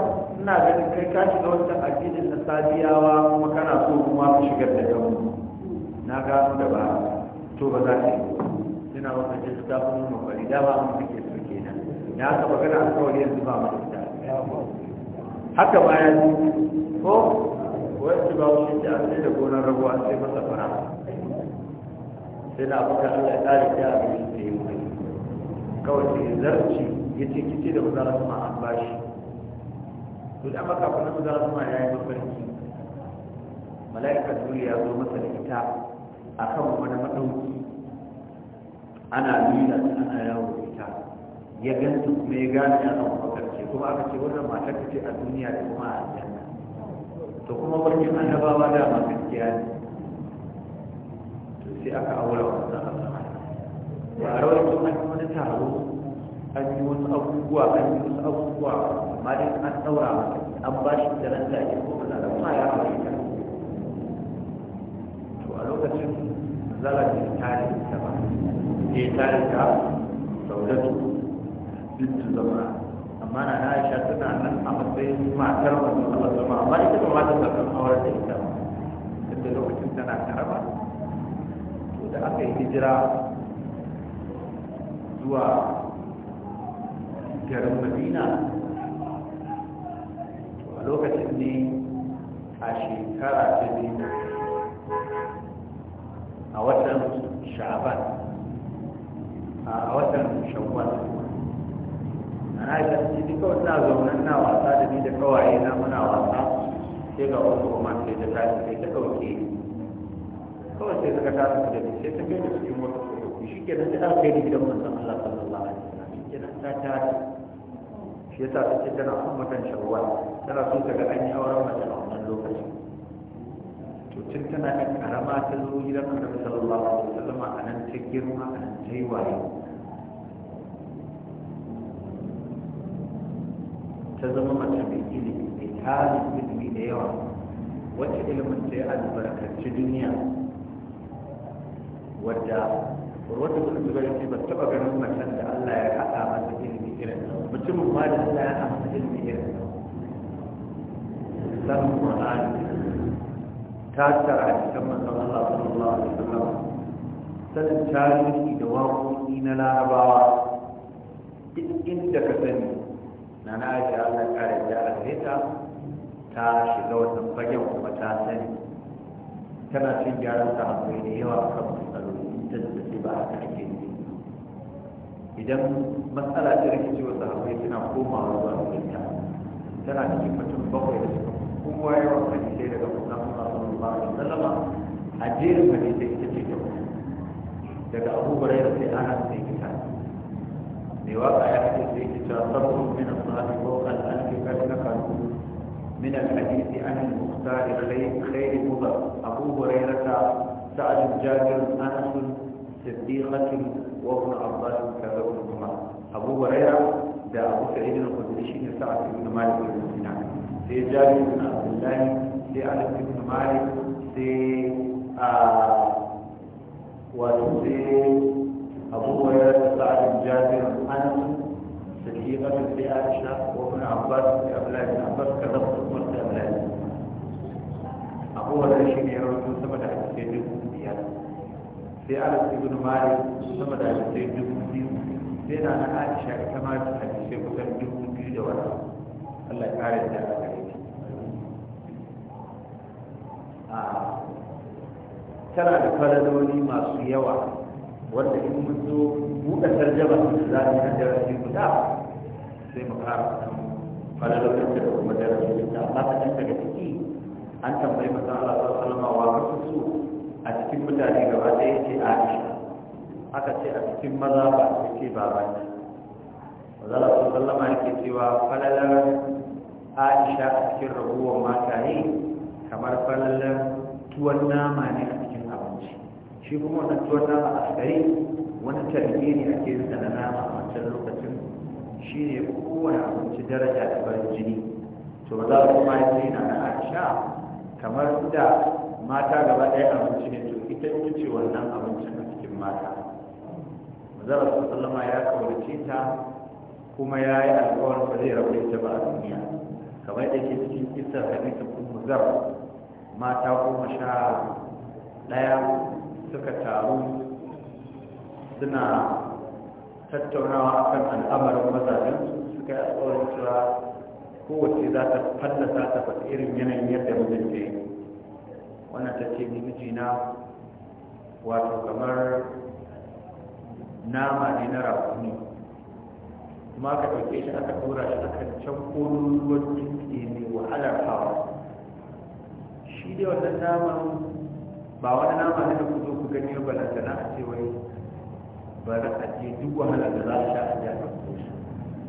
ina ganin kai ka shiga wancan addinin na sabiyawa kuma kana so kuma ka shigar da kanmu na gano da ba to ba za ta yi suna wata jinsu ta kuma mafari dama mun suke so kenan na ka magana a kawai yanzu ba mu da ita haka baya ne ko wacce ba shi ce an sai da gonar rabuwa sai masa fara sai da abokan allah ya tsari ta abin da ya yi kawai sai zarci ya ce kice da maza rasu an an bashi to da maka kuma maza rasu ya yi mafarki mala'ika duniya ya zo masa da ita akan wani madauki ana nuna ana yawo da ita ya ganta kuma ya gane ya zama kuma aka ce wannan matar ta ce a duniya da kuma a janna to kuma wajen annabawa da ma gaskiya ne to sai aka aura wannan Allah ba a rawar kuma an wani taro an yi wasu abubuwa an yi wasu abubuwa amma dai an daura masa an ba shi da ranta take ko kana da ma ya fara ita to a lokacin zala ne tare ta ba ke tare ta saudatu bintu zamana mana aisha tana nan a matsayin matar manzon Allah sama amma ita ba ta san auren da ita ba tunda lokacin tana karama to da aka yi hijira zuwa garin Madina a lokacin ne a shekara ta biyu a watan sha'aban a watan shawwal na yi tafi kawai na zaune na wasa da ni da kawaye na muna wasa sai ga wasu kuma sai ta tashi sai ta ɗauke kawai sai ta tashi da ni sai ta kai da cikin wata kuma shi ke nan ta kai da gidan manzon Allah sallallahu alaihi wasallam shi ke nan ta tashi shi yasa ta ce tana son matan shawwal tana so ta ga an yi auren mace a wannan lokaci to tun tana ɗan ƙarama ta zo gidan annabi sallallahu alaihi wasallam a nan ta girma a nan ta yi wayo ta zama mace mai ilimi mai tarin ilimi da yawa wacce ilimin ta ya albarkaci duniya wadda wata suka zuba da ba taba ganin macen da Allah ya haɗa masa ilimi irin nan mutumin ma da Allah ya haɗa masa ilimi irin nan san Qur'an ta tara cikin manzon Allah sallallahu alaihi wasallam sanin tarihi da waƙoƙi na larabawa duk inda ka sani na na aisha allah kare ya alheta ta shiga wannan fagen kuma ta sani tana cin gyaran ta hankali da yawa kan matsaloli ta da ce ba haka ake yi idan matsala ta rikici wasu hankali suna komawa zuwa ta tana cikin mutum bakwai da suka kowa yawan sai daga musamman sallallahu alaihi wasallam a jerin hadisai ita ce ta daga abubuwar yadda sai ana sai kita لواقع حديث الكتاب صدر من الصلاة فوق الألف بل نقل من الحديث عن المختار خير خير مضر أبو هريرة سعد جابر أنس صديقة وابن عباس كذا وابنهما أبو هريرة ده أبو سعيد الخدري شيخ سعد بن مالك بن سنان سي جابر بن عبد الله سي أنس بن مالك سي آه وسي abubuwa ya da sa'adun jabir an sake abin da ya aisha ko kuna abbas da abulai na abbas ka zama kuma da abulai abubuwa da shi ne ya rautu sama da hadisai dubu biyar sai ana cikin mari sama da hadisai dubu biyu sai na na aisha ita ma da hadisai kusan dubu biyu da wata allah ya kare da aka yi tana da faladoni masu yawa wanda in mun zo buɗe tarjaba za mu yi shi guda sai mu fara falalolin da kuma rashin da amma ta daga ciki an tambayi masa Allah sallallahu alaihi wa su a cikin mutane gaba ɗaya ce Aisha aka ce a cikin maza ba ta ce babanta Allah sallallahu alaihi yake cewa falalar Aisha a cikin rabuwar mata ne kamar falalar tuwon nama ne a shi kuma wannan tuwon nama a gari wani tarihi ne ake yin da nama a wancan lokacin shi ne kowane abinci daraja da farin jini to za ku mai jini na na aisha kamar da mata gaba ɗaya abinci ne to ita ita ce wannan abincin a cikin mata zara su sallama ya kawarce ta kuma ya yi alkawarin ba zai rabu ita ba a duniya kamar da ke cikin kisar hadisa kuma zar mata goma sha ɗaya suka taru suna tattaunawa kan al'amarin mazajen suka yi tsoron cewa kowace za ta fallasa ta faɗi irin yanayin yadda mijin yi wannan ta ce ni mijina wato kamar nama ne na rakuni kuma ka ɗauke shi aka ɗora shi a kan can ruwan ne wahalar hawa shi dai wannan naman ba wani nama ne da ku zo ku gani ba na da na ce wai ba da a ce duk wahala da za a sha a ja ka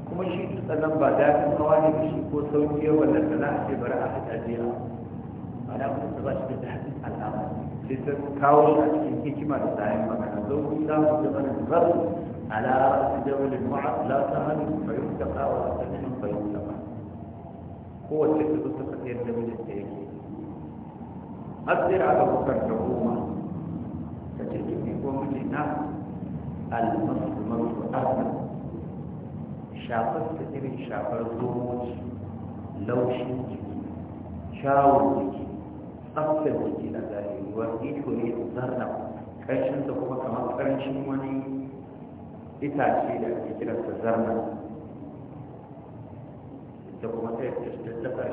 kuma shi dutsen nan ba daɗin kawa ne da shi ko sauki ya wannan da na ce bari a haɗa a ba da kuma ta ba shi da haɗin al'ama sai ta kawo shi a cikin hikima da tsayin magana zo ku samu da mana rasu ala rasu jawalin ma'a la ta hannu fayyuka ka wa ta nemi fayyuka ba kowace ta zo ta faɗi yadda mijinta yake أثر على مكان الحكومة فتجد في كومتنا المصر مرسو أهل شاطر كثيرين شاطر الزوج لو شنج شاور ويجي أفضل ويجي لذلك وإيه وإيه وظهرنا كيشن تقوم كما تقرن شنواني إتاكي لأكي كلا تظهرنا تقوم تقرن شنواني تقوم تقرن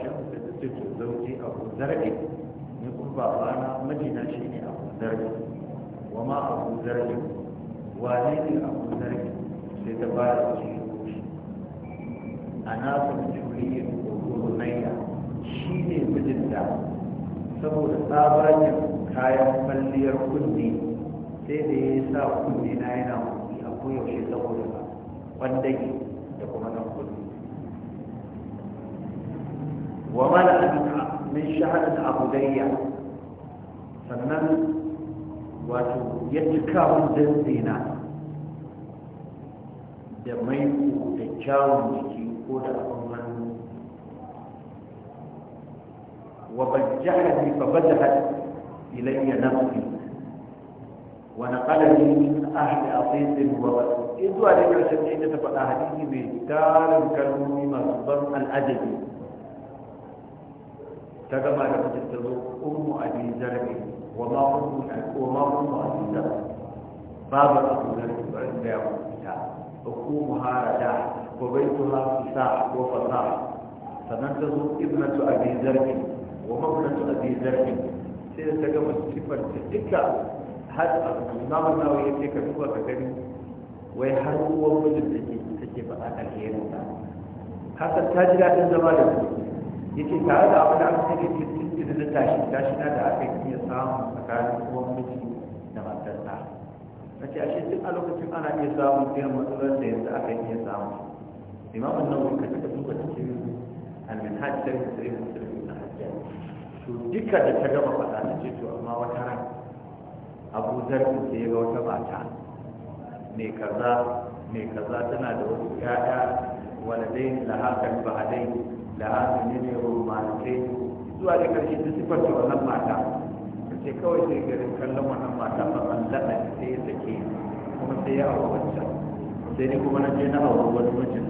شنواني تقوم تقرن شنواني ni kun babana mijina shi ne abu zargi wa ma abu zargi wane ne abu zargi sai ta ba da shi a nasun juriyin gurgunaiya shi ne mijinta saboda tsabagen kayan kwalliyar kunne sai da ya sa kunne na yana kuɗi a koyaushe saboda ba kwandage da kuma nan kunne wa mala abin من شهر العبودية فمن يتكاون زنزينا دميكو تجاون يكود أمان وبجحني فبدحت إلي نفسي ونقلني من أهل أطيس الوضع إذ أريد أن أشتري أن تفعل أهلي بإتار الكلمة مصبر الأدبي ta gama da mutum ta zo ummu abi zarbi wa ma ummu wa ma a abi zarbi babu abu zarbi barin da ya mutunta hukumu harada wa baituha fisa ko fasaha sannan ta zo ibnatu abi zarbi wa a abi zarbi sai ta gama sifar ta duka har a namun na ya ce ka duba ka gani wai har uwan mijin da ke take faɗa alherin ta hasan ta ji daɗin zama da su yake tare da abin da aka sake cikin da tashi tashi na da aka iya samu tsakanin uwan miji da matarsa a ce ashe duk a lokacin ana iya samun irin matsalar da yanzu aka iya samu imamun nan ka ta duba cikin alminhaj da ya tsere musulmi na hajjiya to duka da ta gama faɗa ta ce to amma wata ran abu zarfin ta ya ga wata mata mai kaza mai kaza tana da wasu 'ya'ya waladai lahakar ba'adai da haka ne romance romantai zuwa da karshe ta sifar da wannan mata ta ce kawai sai garin kallon wannan mata ba an laɗa sai ya sake kuma sai ya aure wancan sai ne kuma na je na aure wani mutum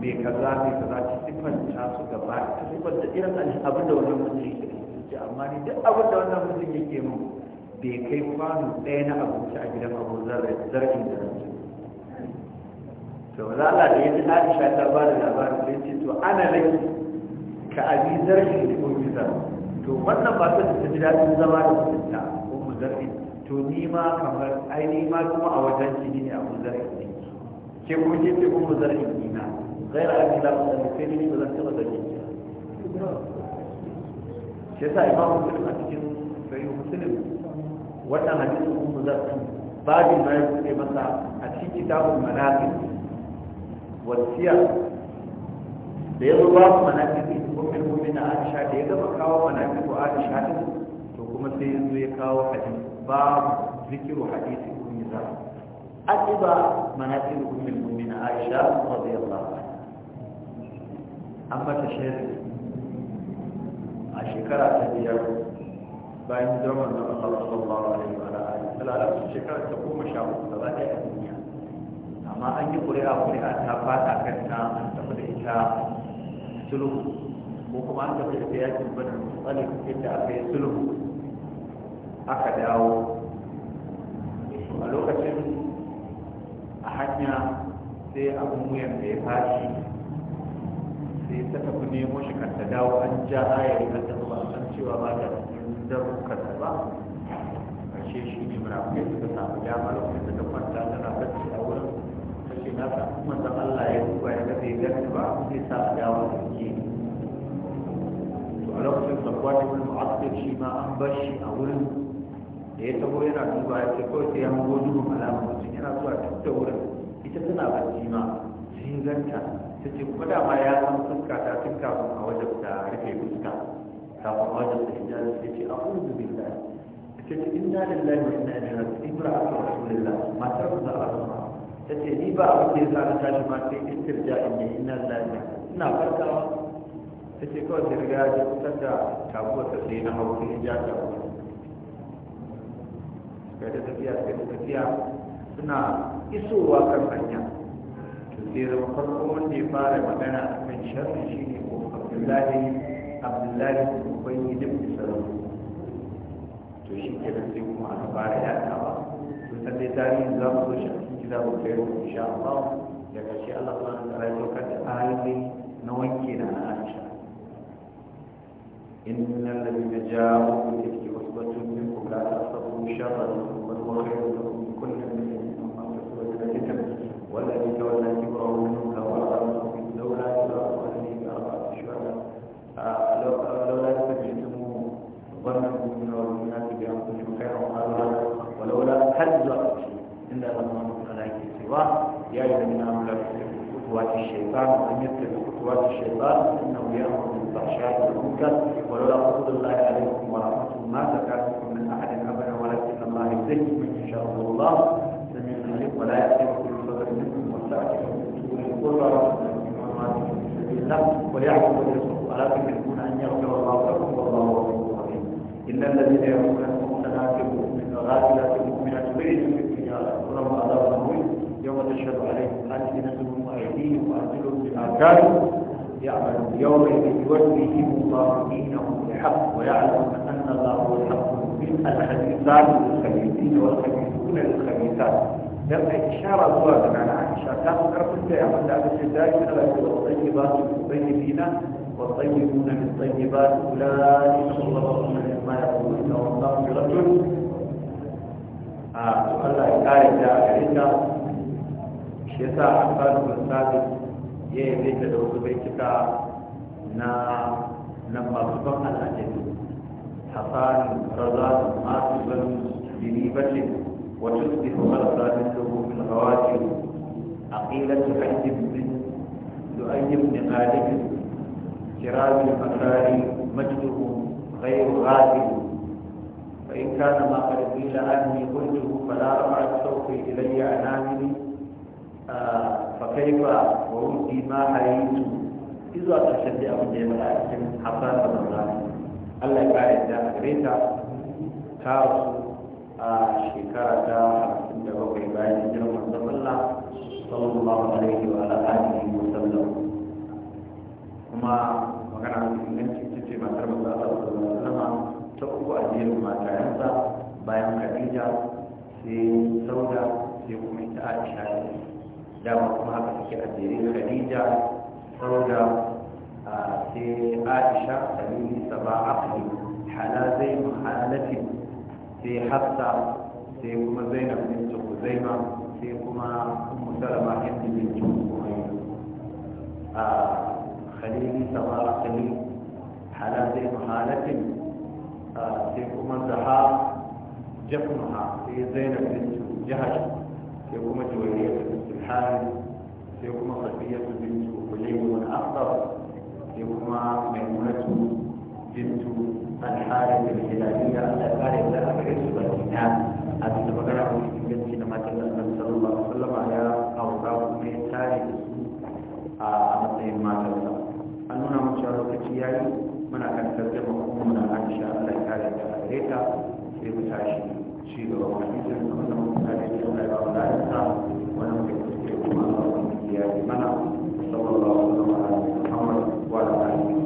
mai kaza mai kaza ta sifar ta su gaba ta sifar da irin abin da wannan mutum yake ce amma ni duk abin da wannan mutum yake mu bai kai kwano ɗaya na abinci a gidan abu zarafin da rance to za Allah da ya ji Aisha ta ba da labarin sai ce to ana laki ka abi zarfi da ummi to wannan ba ta ji daɗin zama da mutunta ko zarfi to ni ma kamar ai ni ma kuma a wajen ki ne abu zarfi ke ko ke ce ummu zarfi ni na غير أن da أستمر ni ba zan taɓa zargi shi yasa imam muslim a cikin sahih muslim wannan hadisin ummu zarfi babin ma ya buɗe masa a cikin kitabul manaqib wasiya da yanzu babu manaqib ummul mu'minin Aisha da ya gama kawo manaqib Aisha din to kuma sai yanzu ya kawo hadisi babu zikiru hadisi ummi Zahra ajiba manaqib ummul mu'minin Aisha radiyallahu anha amma ta shehri a shekara ta biyar bayan zaman da Allah sallallahu alaihi wa alihi sallallahu shekara ta goma sha uku gaba ɗaya a duniya amma an yi ƙuri'a ƙuri'a ta fata kanta an tafi da ita sulhu ko kuma an tafi da yakin bada musalin inda aka yi sulhu aka dawo a lokacin a hanya sai abin wuyan da ya fashi sai ta tafi nemo shi kan ta dawo an ja ayari kan ta a san cewa ba da cikin darukan ta ba karshe shi ne da ta samu dama lokacin da ta kwanta tana bacci a wurin ta ce na samu manzan Allah ya duba ya ga bai gani ba zai sa a dawo da ke lokacin safwan ibn mu'assir shi ma an bar shi a wurin da ya tabo yana duba ya ce kawai sai ya hango duhun alamun mutum yana zuwa duk da wurin ita tana bacci ma sai ganta ta ce kuma ma ya san fuska ta tun kafin a wajen ta rufe fuska kafin a wajen ta hijabi ta ce a kudu billahi ta ce inna lillahi wa inna ilaihi raji'un ibrahim rasulullah matar da Allah ta ce ni ba abin da ya sa na tashi ma sai istirja'in ne inna lillahi ina farkawa ta ce kawai ta riga ya kusan da tabuwa ta sai na hau sai ya ja tabuwa suka ta tafiya suka ta tafiya suna isowa kan hanya to sai zama farko wanda ya fara magana a kan sharri shi ne ko abdullahi abdullahi ubangi duk da sarari to shi ke nan sai kuma aka fara yadawa to san dai tarihin za mu zo shi a cikin kitabun kai insha Allah daga shi Allah subhanahu wa ta'ala ya saukar da ayoyi na wanke na Aisha إن الذين جاءوا بالإفك عصبة منكم لا تحسبوا شرا بل هو خير لكم من كل من مما كسبت أيديكم والذي تولى كبره منهم كفر لولا إدراك أهله بأربعة شهداء آه، لولا سمعتموه ظن المؤمنين والمؤمنات بأنفسهم خيرا وقالوا ولولا حذرت إلا لما ملائكة سواه يا أيها الذين آمنوا لا تتبعوا خطوات الشيطان ومن يتبع خطوات الشيطان إنه يأمر بالفحشاء والمنكر ولولا فضل الله عليكم ورحمته ما منكم من احد ابدا ولكن الله يزكي من يشاء الله سميع عليم ولا يأتي كل فضل منكم سبيل الله ويعبد الرسول ولا تحبون ان يغفر الله لكم والله غفور رحيم ان الذين يرمون المحصنات الغافلات المؤمنات بعيدا في التجاره ولهم عذاب يوم تشهد عليهم السنتهم وايديهم وارجلهم بما كانوا يعمل يومئذ يوفيهم الله دينهم بالحق ويعلم ان الله هو الحق من الخبيثات للخبيثين والخبيثون للخبيثات لما إشارة الله معنى عائشة كانوا كرفت يا من لابد دائما والطيبات الطيبين والطيبون من طيبات أولئك الله ما يقولون والله برجل آه، سؤال الله تعالى إذا أريد شيخ ساعة كانوا من ya yi ta da wasu baituka na na masu ban al'ajabi hasan razan masu ban jinibacin wata su bifa marasa min dogomin hawaji a ƙilar su hajjin bin du'ayyim da ɗalibin kirami makari majduhu غير غادر فإن كان ما قد قيل عني قلته فلا رفعت صوتي إلي أنامني آه فكيف kun fi ma hayaitu izuwa ƙarshen da abin da ya faɗa a cikin hafsar da manzani Allah ya kare a gare ta ta rasu a shekara ta hamsin da bakwai bayan hijirar manzon Allah sallallahu alaihi wa alihi wa sallam kuma magana mai inganci ita ce matar manzon Allah sallallahu alaihi wa ta uku a jerin matayensa bayan Khadija sai Sauda sai kuma ita Aisha dama kuma haka take a jere khadija sauda sai aisha tamimi saba aqli hala sai hafsa sai kuma zainab bintu huzaima sai kuma ummu salama hindi bintu huzaima خليل sai kuma حالات محالة سيكون زهار جفنها في زينب بنت جهش سيكون الحارث سيكون صفية بنت خليل da سيكون ميمونة بنت الحارث الهلالية التي لها بريس والدينان هذه المقالة في بنت ما كان النبي صلى الله عليه وسلم على أوراق من تاريخ a matsayin matarsa an nuna mun cewa lokaci ya muna kan tarjama kuma muna kan sha Allah kare da ta sai mu tashi ci gaba hadisin da wannan mutane ke ba da ta wannan بأئمنا وصلى الله وسلم على محمد وعلى آله